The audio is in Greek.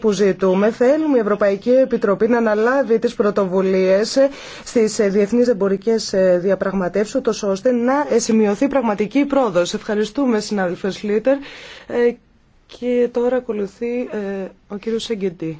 που ζητούμε. Θέλουμε η Ευρωπαϊκή Επιτροπή να αναλάβει τις πρωτοβουλίες στις διεθνείς εμπορικές διαπραγματεύσεις, τόσο ώστε να σημειωθεί πραγματική πρόοδος. Ευχαριστούμε, συνάδελφε Σλίτερ. Ε, και τώρα ακολουθεί ε, ο κύριος Σεγγεντή.